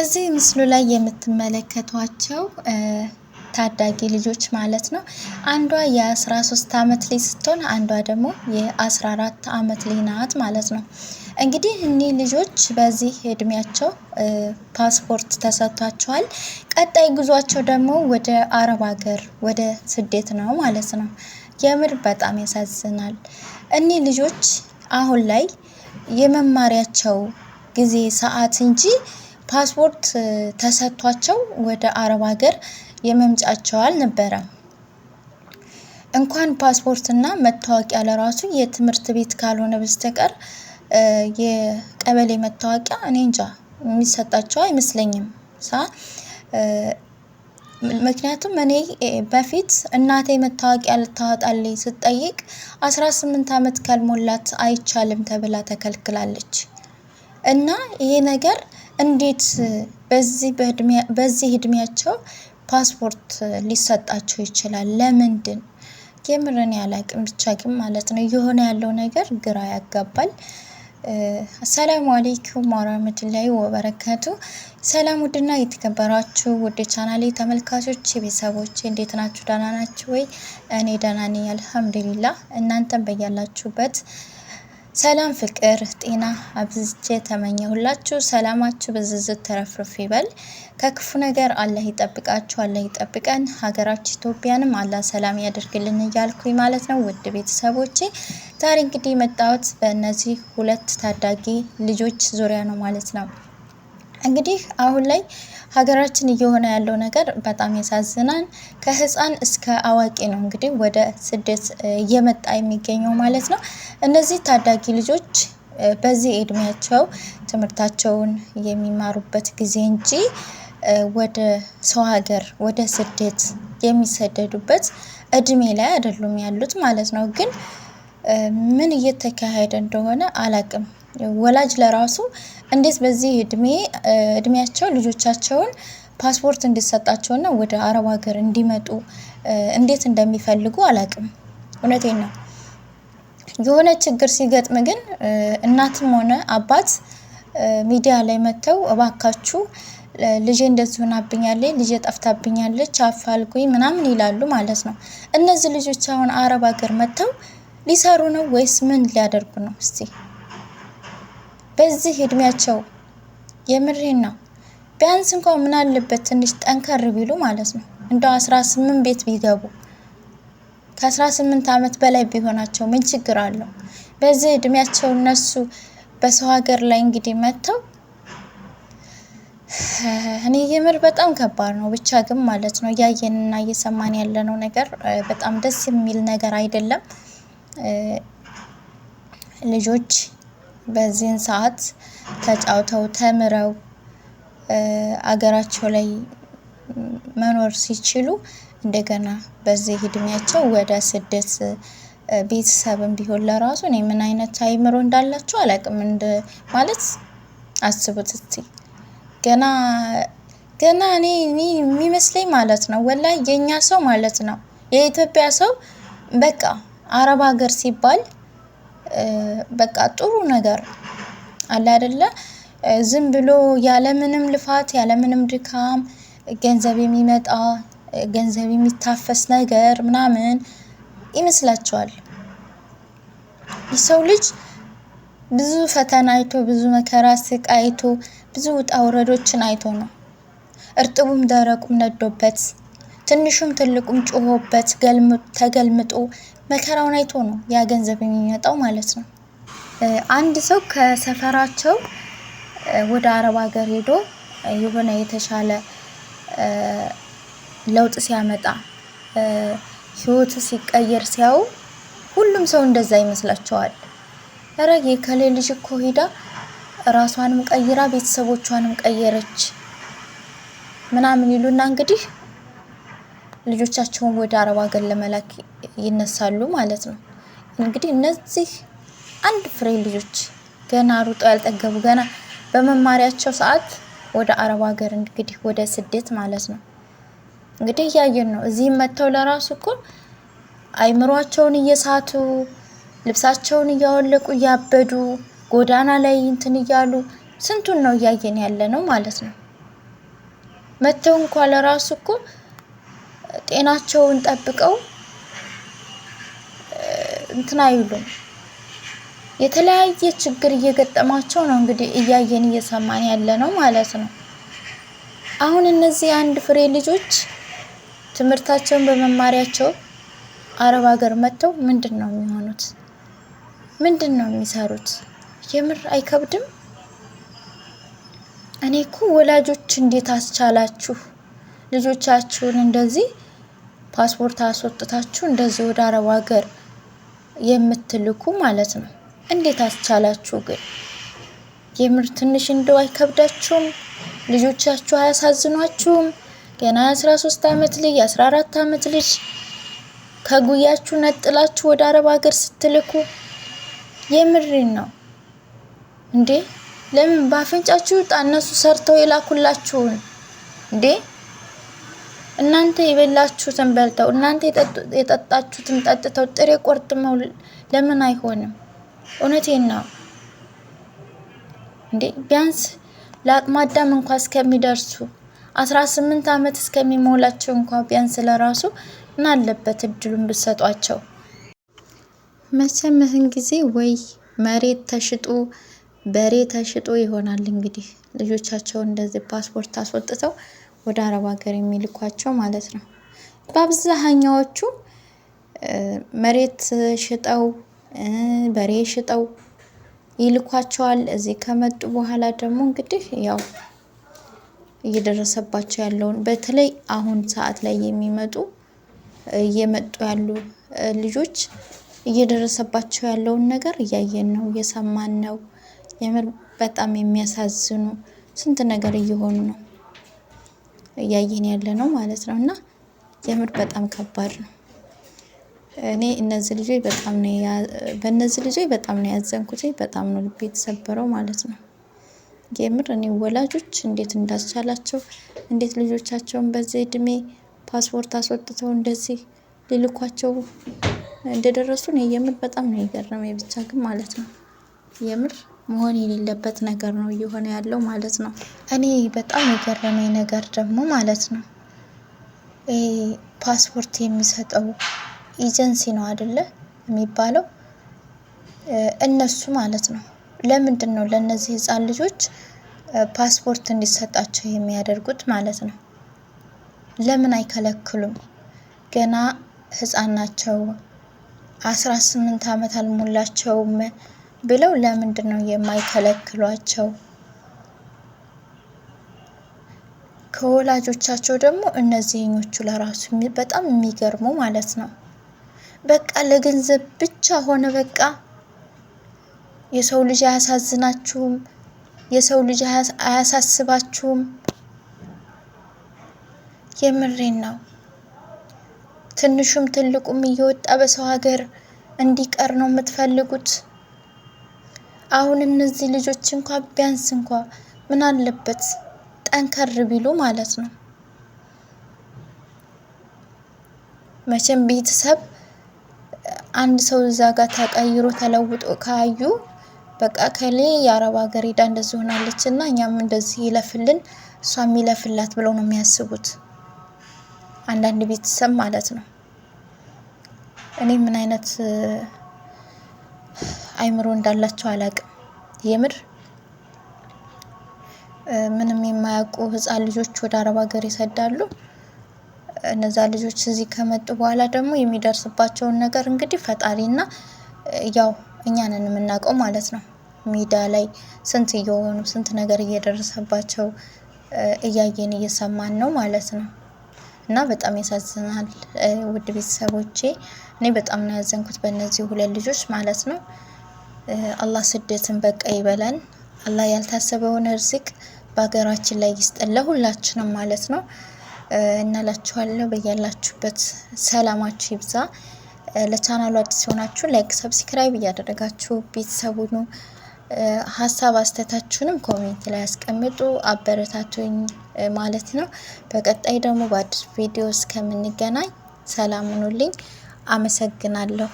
እዚህ ምስሉ ላይ የምትመለከቷቸው ታዳጊ ልጆች ማለት ነው። አንዷ የ13 ዓመት ልጅ ስትሆን አንዷ ደግሞ የ14 ዓመት ልጅ ናት ማለት ነው። እንግዲህ እኒህ ልጆች በዚህ እድሜያቸው ፓስፖርት ተሰጥቷቸዋል። ቀጣይ ጉዟቸው ደግሞ ወደ አረብ ሀገር ወደ ስደት ነው ማለት ነው። የምር በጣም ያሳዝናል። እኒህ ልጆች አሁን ላይ የመማሪያቸው ጊዜ ሰዓት እንጂ ፓስፖርት ተሰጥቷቸው ወደ አረብ ሀገር የመምጫቸው አልነበረም። እንኳን ፓስፖርትና መታወቂያ ለራሱ የትምህርት ቤት ካልሆነ በስተቀር የቀበሌ መታወቂያ እኔ እንጃ የሚሰጣቸው አይመስለኝም ሳ ምክንያቱም እኔ በፊት እናቴ መታወቂያ ልታወጣልኝ ስጠይቅ አስራ ስምንት አመት ካልሞላት አይቻልም ተብላ ተከልክላለች እና ይሄ ነገር እንዴት በዚህ እድሜያቸው ፓስፖርት ሊሰጣቸው ይችላል? ለምንድን? የምርን ያላቅም ብቻ ግን ማለት ነው የሆነ ያለው ነገር ግራ ያጋባል። አሰላሙ አሌይኩም ወራህመቱላሂ ወበረካቱ። ሰላም ውድና የተከበራችሁ ውድ ቻናሌ ተመልካቾች ቤተሰቦች እንዴት ናችሁ? ደህና ናችሁ ወይ? እኔ ደህና ነኝ አልሐምዱሊላ። እናንተም በያላችሁበት ሰላም ፍቅር ጤና አብዝቼ ተመኘሁላችሁ። ሰላማችሁ ብዝዝት ተረፍርፍ ይበል። ከክፉ ነገር አላህ ይጠብቃችሁ፣ አላህ ይጠብቀን። ሀገራችን ኢትዮጵያንም አላህ ሰላም ያደርግልን እያልኩኝ ማለት ነው። ውድ ቤተሰቦቼ ዛሬ እንግዲህ መጣሁት በእነዚህ ሁለት ታዳጊ ልጆች ዙሪያ ነው ማለት ነው። እንግዲህ አሁን ላይ ሀገራችን እየሆነ ያለው ነገር በጣም ያሳዝናል። ከህፃን እስከ አዋቂ ነው እንግዲህ ወደ ስደት እየመጣ የሚገኘው ማለት ነው። እነዚህ ታዳጊ ልጆች በዚህ እድሜያቸው ትምህርታቸውን የሚማሩበት ጊዜ እንጂ ወደ ሰው ሀገር ወደ ስደት የሚሰደዱበት እድሜ ላይ አይደሉም ያሉት ማለት ነው። ግን ምን እየተካሄደ እንደሆነ አላቅም። ወላጅ ለራሱ እንዴት በዚህ እድሜ እድሜያቸው ልጆቻቸውን ፓስፖርት እንዲሰጣቸውና ወደ አረብ ሀገር እንዲመጡ እንዴት እንደሚፈልጉ አላቅም። እውነቴን ነው። የሆነ ችግር ሲገጥም ግን እናትም ሆነ አባት ሚዲያ ላይ መጥተው እባካችሁ ልጄ እንደዚህ ሆናብኛለች፣ ልጄ ጠፍታብኛለች፣ አፋልጉኝ ምናምን ይላሉ ማለት ነው። እነዚህ ልጆች አሁን አረብ ሀገር መጥተው ሊሰሩ ነው ወይስ ምን ሊያደርጉ ነው እስቲ? በዚህ እድሜያቸው የምሬን ነው። ቢያንስ እንኳን ምን አለበት ትንሽ ጠንከር ቢሉ ማለት ነው። እንደው አስራ ስምንት ቤት ቢገቡ ከአስራ ስምንት ዓመት በላይ ቢሆናቸው ምን ችግር አለው? በዚህ እድሜያቸው እነሱ በሰው ሀገር ላይ እንግዲህ መጥተው እኔ የምር በጣም ከባድ ነው። ብቻ ግን ማለት ነው እያየንና እየሰማን ያለነው ነገር በጣም ደስ የሚል ነገር አይደለም ልጆች በዚህን ሰዓት ተጫውተው ተምረው አገራቸው ላይ መኖር ሲችሉ እንደገና በዚህ እድሜያቸው ወደ ስደት ቤተሰብን ቢሆን ለራሱ እኔ ምን አይነት አይምሮ እንዳላቸው አላቅም። እንደ ማለት አስቡት እስቲ ገና ገና እኔ የሚመስለኝ ማለት ነው ወላ የኛ ሰው ማለት ነው የኢትዮጵያ ሰው በቃ አረብ ሀገር ሲባል በቃ ጥሩ ነገር አለ አይደለ? ዝም ብሎ ያለምንም ልፋት ያለምንም ድካም ገንዘብ የሚመጣ ገንዘብ የሚታፈስ ነገር ምናምን ይመስላችኋል። የሰው ልጅ ብዙ ፈተና አይቶ ብዙ መከራ ስቃይ አይቶ ብዙ ውጣ ውረዶችን አይቶ ነው እርጥቡም ደረቁም ነዶበት ትንሹም ትልቁም ጮሆበት ተገልምጦ መከራውን አይቶ ነው ያ ገንዘብ የሚመጣው ማለት ነው። አንድ ሰው ከሰፈራቸው ወደ አረብ ሀገር ሄዶ የሆነ የተሻለ ለውጥ ሲያመጣ ህይወቱ ሲቀየር ሲያዩ ሁሉም ሰው እንደዛ ይመስላቸዋል። ኧረ የከሌ ልጅ እኮ ሄዳ ራሷንም ቀይራ ቤተሰቦቿንም ቀየረች ምናምን ይሉና እንግዲህ ልጆቻቸውን ወደ አረብ ሀገር ለመላክ ይነሳሉ ማለት ነው። እንግዲህ እነዚህ አንድ ፍሬ ልጆች ገና ሩጦ ያልጠገቡ ገና በመማሪያቸው ሰዓት ወደ አረብ ሀገር እንግዲህ ወደ ስደት ማለት ነው እንግዲህ እያየን ነው። እዚህም መጥተው ለራሱ እኮ አይምሯቸውን እየሳቱ ልብሳቸውን እያወለቁ እያበዱ ጎዳና ላይ እንትን እያሉ ስንቱን ነው እያየን ያለ ነው ማለት ነው። መጥተው እንኳ ለራሱ እኮ ጤናቸውን ጠብቀው እንትን አይሉም። የተለያየ ችግር እየገጠማቸው ነው እንግዲህ እያየን እየሰማን ያለ ነው ማለት ነው። አሁን እነዚህ አንድ ፍሬ ልጆች ትምህርታቸውን በመማሪያቸው አረብ ሀገር መጥተው ምንድን ነው የሚሆኑት? ምንድን ነው የሚሰሩት? የምር አይከብድም። እኔ እኮ ወላጆች እንዴት አስቻላችሁ ልጆቻችሁን እንደዚህ ፓስፖርት አስወጥታችሁ እንደዚህ ወደ አረብ ሀገር የምትልኩ ማለት ነው። እንዴት አስቻላችሁ ግን? የምር ትንሽ እንደው አይከብዳችሁም? ልጆቻችሁ አያሳዝኗችሁም? ገና የአስራ ሶስት አመት ልጅ የ አራት አመት ልጅ ከጉያችሁ ነጥላችሁ ወደ አረብ ሀገር ስትልኩ የምሪን ነው እንዴ? ለምን በአፍንጫችሁ ይውጣ? እነሱ ሰርተው የላኩላችሁን እንዴ? እናንተ የበላችሁትን በልተው እናንተ የጠጣችሁትን ጠጥተው ጥሬ ቆርጥመው ለምን አይሆንም? እውነቴን ነው እንዴ! ቢያንስ ለአቅመ አዳም እንኳ እስከሚደርሱ አስራ ስምንት ዓመት እስከሚሞላቸው እንኳ ቢያንስ ለራሱ ምን አለበት እድሉን ብሰጧቸው። መቼም ይህን ጊዜ ወይ መሬት ተሽጦ በሬ ተሽጦ ይሆናል እንግዲህ ልጆቻቸውን እንደዚህ ፓስፖርት አስወጥተው ወደ አረብ ሀገር የሚልኳቸው ማለት ነው። በአብዛኛዎቹ መሬት ሽጠው በሬ ሽጠው ይልኳቸዋል። እዚህ ከመጡ በኋላ ደግሞ እንግዲህ ያው እየደረሰባቸው ያለውን በተለይ አሁን ሰዓት ላይ የሚመጡ እየመጡ ያሉ ልጆች እየደረሰባቸው ያለውን ነገር እያየን ነው፣ እየሰማን ነው። የምር በጣም የሚያሳዝኑ ስንት ነገር እየሆኑ ነው። እያየን ያለ ነው ማለት ነው። እና የምር በጣም ከባድ ነው። እኔ እነዚህ ልጆች በጣም ነው በእነዚህ ልጆች በጣም ነው ያዘንኩት። በጣም ነው ልቤ የተሰበረው ማለት ነው። የምር እኔ ወላጆች እንዴት እንዳስቻላቸው እንዴት ልጆቻቸውን በዚህ እድሜ ፓስፖርት አስወጥተው እንደዚህ ሊልኳቸው እንደደረሱ እኔ የምር በጣም ነው የገረመኝ ብቻ ግን ማለት ነው የምር መሆን የሌለበት ነገር ነው እየሆነ ያለው ማለት ነው። እኔ በጣም የገረመኝ ነገር ደግሞ ማለት ነው ፓስፖርት የሚሰጠው ኤጀንሲ ነው አይደለ የሚባለው እነሱ ማለት ነው። ለምንድን ነው ለእነዚህ ህፃን ልጆች ፓስፖርት እንዲሰጣቸው የሚያደርጉት ማለት ነው? ለምን አይከለክሉም? ገና ህፃን ናቸው። አስራ ስምንት አመት አልሞላቸውም። ብለው ለምንድን ነው የማይከለክሏቸው? ከወላጆቻቸው ደግሞ እነዚህኞቹ ለራሱ በጣም የሚገርሙ ማለት ነው። በቃ ለገንዘብ ብቻ ሆነ። በቃ የሰው ልጅ አያሳዝናችሁም፣ የሰው ልጅ አያሳስባችሁም። የምሬን ነው። ትንሹም ትልቁም እየወጣ በሰው ሀገር እንዲቀር ነው የምትፈልጉት። አሁን እነዚህ ልጆች እንኳ ቢያንስ እንኳ ምን አለበት ጠንከር ቢሉ ማለት ነው። መቼም ቤተሰብ አንድ ሰው እዛ ጋር ተቀይሮ ተለውጦ ካዩ በቃ ከሌ የአረብ ሀገር ሄዳ እንደዚህ ሆናለች እና እኛም እንደዚህ ይለፍልን እሷም ይለፍላት ብለው ነው የሚያስቡት አንዳንድ ቤተሰብ ማለት ነው። እኔ ምን አይነት አይምሮ እንዳላቸው አላቅም። የምር ምንም የማያውቁ ህፃን ልጆች ወደ አረብ ሀገር ይሰዳሉ። እነዛ ልጆች እዚህ ከመጡ በኋላ ደግሞ የሚደርስባቸውን ነገር እንግዲህ ፈጣሪና ያው እኛንን የምናውቀው ማለት ነው። ሜዳ ላይ ስንት እየሆኑ ስንት ነገር እየደረሰባቸው እያየን እየሰማን ነው ማለት ነው። እና በጣም ያሳዝናል። ውድ ቤተሰቦቼ እኔ በጣም ነው ያዘንኩት በእነዚህ ሁለት ልጆች ማለት ነው። አላህ ስደትን በቃ ይበላል። አላህ ያልታሰበውን እርዝቅ በሀገራችን ላይ ይስጠን ለሁላችንም ማለት ነው። እናላችኋለሁ በያላችሁበት ሰላማችሁ ይብዛ። ለቻናሉ አዲስ የሆናችሁ ላይክ፣ ሰብስክራይብ እያደረጋችሁ ነው። ሀሳብ አስተታችሁንም ኮሜንት ላይ ያስቀምጡ፣ አበረታቱኝ ማለት ነው። በቀጣይ ደግሞ በአዲስ ቪዲዮ እስከምንገናኝ ሰላም ሁኑልኝ። አመሰግናለሁ።